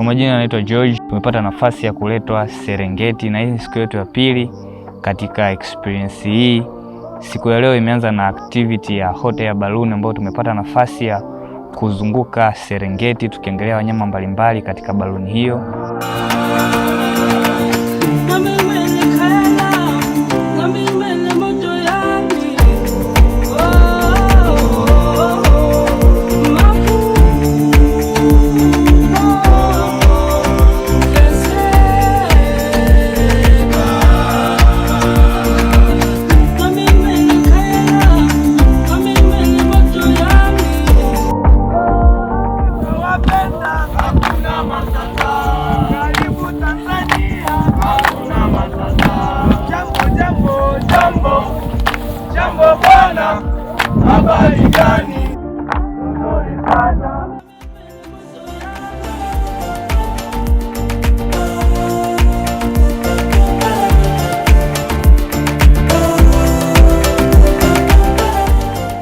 Kwa majina anaitwa George. Tumepata nafasi ya kuletwa Serengeti na hii siku yetu ya pili katika experience hii. Siku ya leo imeanza na activity ya hot air balloon ambayo tumepata nafasi ya kuzunguka Serengeti tukiangalia wanyama mbalimbali katika baluni hiyo. sana. Habari gani?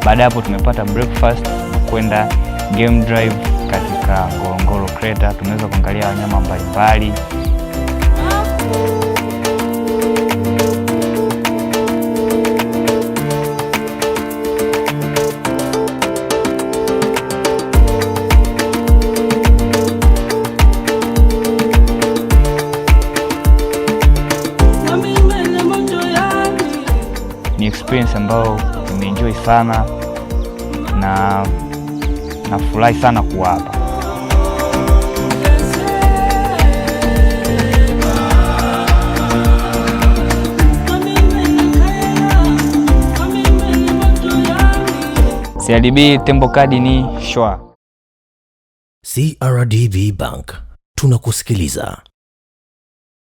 Baada ya hapo tumepata breakfast kwenda game drive katika Ngorongoro Crater, tumeweza kuangalia wanyama mbalimbali. experience ambayo tumeenjoy sana na nafurahi sana kuwa hapa. CRDB Tembo kadi ni shwa. CRDB Bank tunakusikiliza.